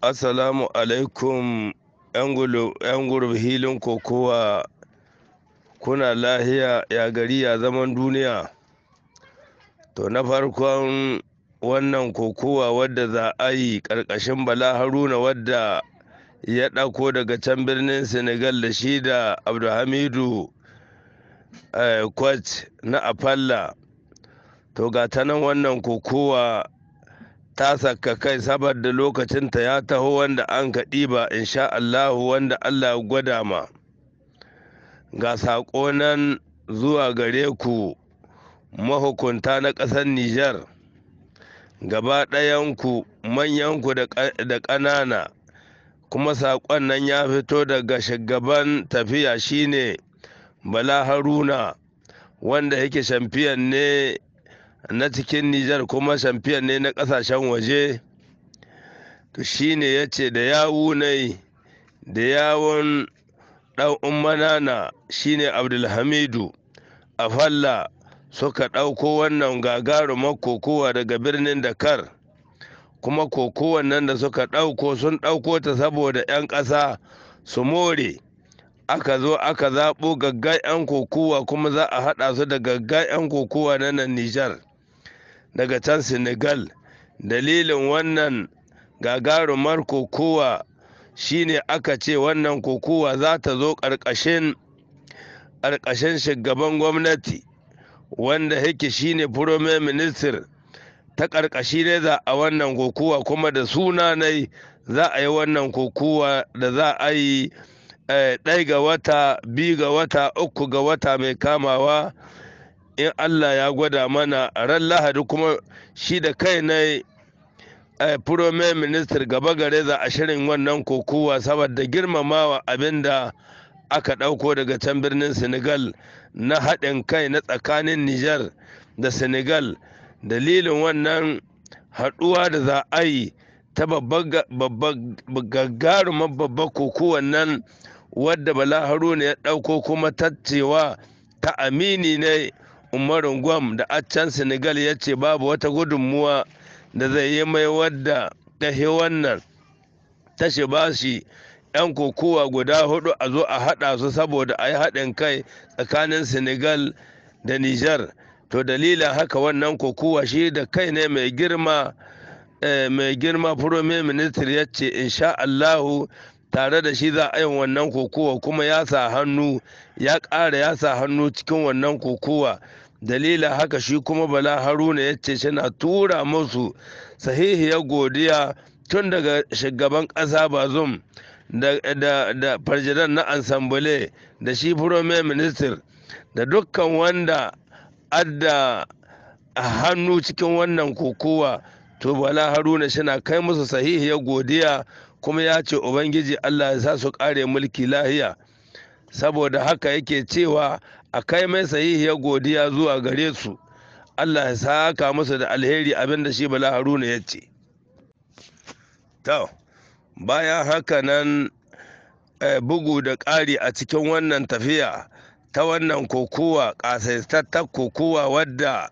Assalamu alaikum ‘yan gurbi hilin kokowa kuna lahiya ya gari ya zaman duniya. To na farkon wannan kokowa wadda za a yi ƙarƙashin Bala Haruna wadda ya ɗako daga can birnin Senegal da shi da Abdulhamidu Kwat eh, na Afalla. To ga tanan wannan kokowa ta saka kai saboda lokacinta ya taho wanda an ka ɗiba insha Allahu wanda Allah gwada ma ga saƙo nan zuwa gare ku mahukunta na ƙasar Nijar gaba ɗayanku manyanku da ƙanana kuma saƙon nan ya fito daga shugaban tafiya shine Bala Haruna wanda yake shamfiyan ne na cikin Nijar kuma shamfiyan ne na ƙasashen waje to shine ya ce da yawu ne da yawon ɗan shine abdulhamidu a falla suka ɗauko wannan gagarumar kokowa daga birnin dakar kuma koko nan da suka ɗauko sun ɗauko ta saboda 'yan ƙasa su more aka zo aka zaɓo gaggai 'yan kokowa kuma za a haɗa su da gaggai 'yan kokowa na nan nijar daga can senegal dalilin wannan gagarumar kokowa shine aka ce wannan kokowa za ta zo ƙarƙashin shugaban gwamnati wanda yake shine prime minister ta ƙarƙashi ne za a wannan kokowa kuma da suna ne za a yi wannan kokowa da za a yi eh, ɗai ga wata bi ga wata uku ga wata mai kamawa in Allah ya gwada mana ran lahadi kuma shi da kai na Prime Minister gaba gare za a shirin wannan kokowa saboda girmamawa abin da aka ɗauko daga can birnin Senegal na haɗin kai na tsakanin Nijar da Senegal dalilin wannan haɗuwa da za a yi ta gagarumar babbar kokowa nan wadda Bala Haruna ya ɗauko kuma taccewa ta amini ne. umarin gwam da accan senegal ya ce babu wata gudunmuwa da zai yi mai wadda ta he wannan ta shi ba shi 'yan kokowa guda hudu a zo a haɗa su saboda a yi haɗin kai tsakanin senegal da niger to dalilin haka wannan kokowa shi da kai ne mai girma eh, mai girma minister ya ce insha allahu tare da shi za a yin wannan kokowa kuma ya sa hannu ya ƙara ya sa hannu cikin wannan kokowa dalila haka shi kuma bala haruna ya ce shi na tura musu sahihiyar godiya tun daga shugaban ƙasa bazum da, farjidan na ansambule da shi furome minister da dukkan wanda adda hannu cikin wannan kokowa to bala haruna shi na kai musu sahihiyar godiya kuma ya ce ubangiji allah ya sa su kare mulki lahiya saboda haka yake cewa a kai mai sahihiyar godiya zuwa gare su allah ya saka musu da alheri abinda shi bala haruna ya ce bayan haka nan eh, bugu da ƙari a cikin wannan tafiya ta wannan kokowa ƙasaitattar kokowa wadda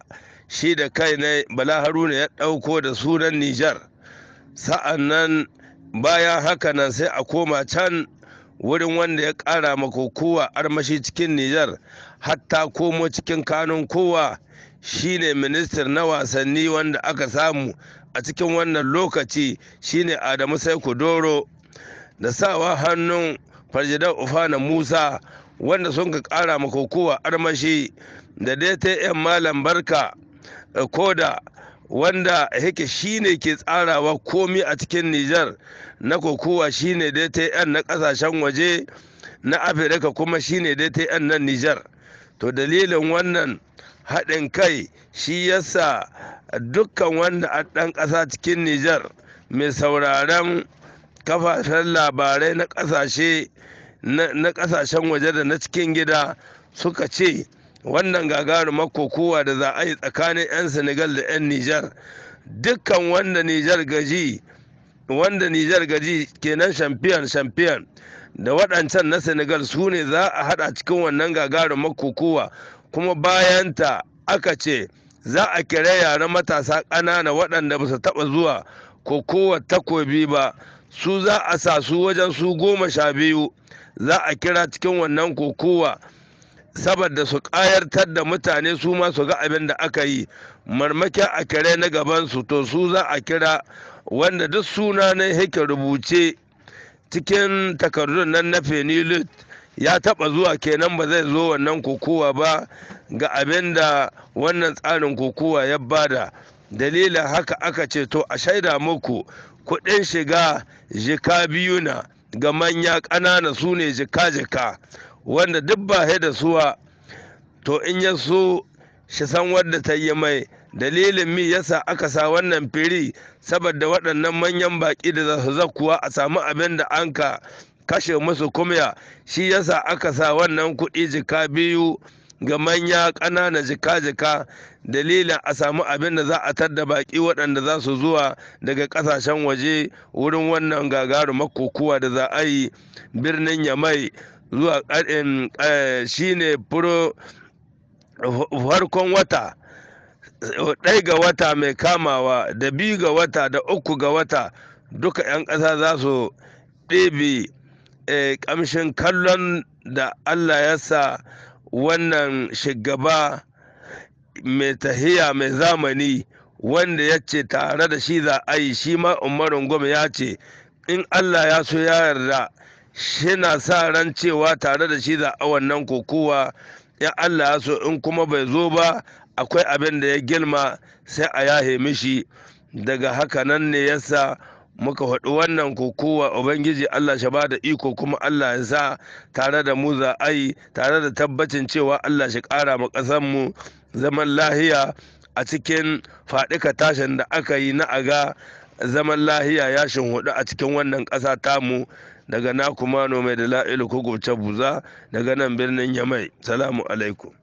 shi da kai na bala haruna ya ɗauko da sunan nijar sa'an nan bayan haka nan sai a koma can wurin wanda ya ƙara ma armashi cikin nijar hatta komo cikin kanun kowa shine ministan na wasanni wanda aka samu a cikin wannan lokaci shine adamu sai doro da sawa hannun farjidar ufana musa wanda sun ka ƙara ma armashi da DTM malam barka eh, koda wanda yake shine ke tsarawa komi a cikin Nijar na kokowa shine DTN na kasashen waje na Afirka kuma shine DTN na Nijar to dalilin wannan haɗin kai shi yasa dukkan wanda a ɗan ƙasa cikin Nijar mai sauraron kafafen labarai na ƙasashe na ƙasashen waje da na cikin gida suka ce wannan gagarumar kokowa da za a yi tsakanin 'yan senegal da 'yan nijar dukkan wanda nijar gaji wanda nijar gaji kenan champion champion da waɗancan na senegal su ne za a haɗa cikin wannan gagarumar kokowa kuma bayanta aka ce za a kira yaren matasa ƙanana waɗanda ba su taɓa zuwa kokowa takobi ba su za a sa su wajen su goma sha biyu za a kira cikin wannan kokowa saboda su ƙayartar da mutane su ma su ga abin da aka yi marmakin a kare na gabansu to su za a kira wanda duk suna na yake rubuce cikin takardun nan na fenilut ya taba zuwa kenan ba zai zo wannan kokowa ba ga abin da wannan tsarin kokowa ya bada dalilin haka aka ce to a shaida muku kuɗin shiga jika biyu na ga manya ƙanana su ne jika-jika wanda duk ba da suwa to in ya so shi san wadda ta yi mai dalilin mi yasa aka sa wannan firi saboda waɗannan manyan baki da za su zakuwa a samu abin da an ka kashe musu kumya shi yasa aka sa wannan kuɗi jika biyu ga manya ƙanana jika-jika dalilin a samu abin da za a tadda baƙi waɗanda za su zuwa daga ƙasashen waje wurin wannan gagarumar kokowa da za a yi birnin yamai zuwa eh, eh, shine furo farkon wata ɗai ga wata mai kamawa da biyu ga wata da uku ga wata duka 'yan ƙasa za su ɗebe eh, ƙamshin kallon da allah ya sa wannan shigaba mai tahiya mai zamani wanda ya ce tare da shi za a yi shi ma umarin gwamna ya ce in allah ya so ya yarda Shina sa ran cewa tare da shi za a wannan kokowa in Allah ya so in kuma bai zo ba akwai abin da ya gilma sai a yahe mishi daga haka nan ne yasa muka faɗi wannan kokowa ubangiji Allah shi ba da iko kuma Allah ya sa tare da mu za a yi tare da tabbacin cewa Allah shi ƙara mu mu zaman lahiya a cikin faɗika tashin da aka yi na aga zaman lahiya ya huɗu a cikin wannan ƙasa tamu daga naku mai da la'ilu ko gubce buza daga nan birnin yamai salamu alaikum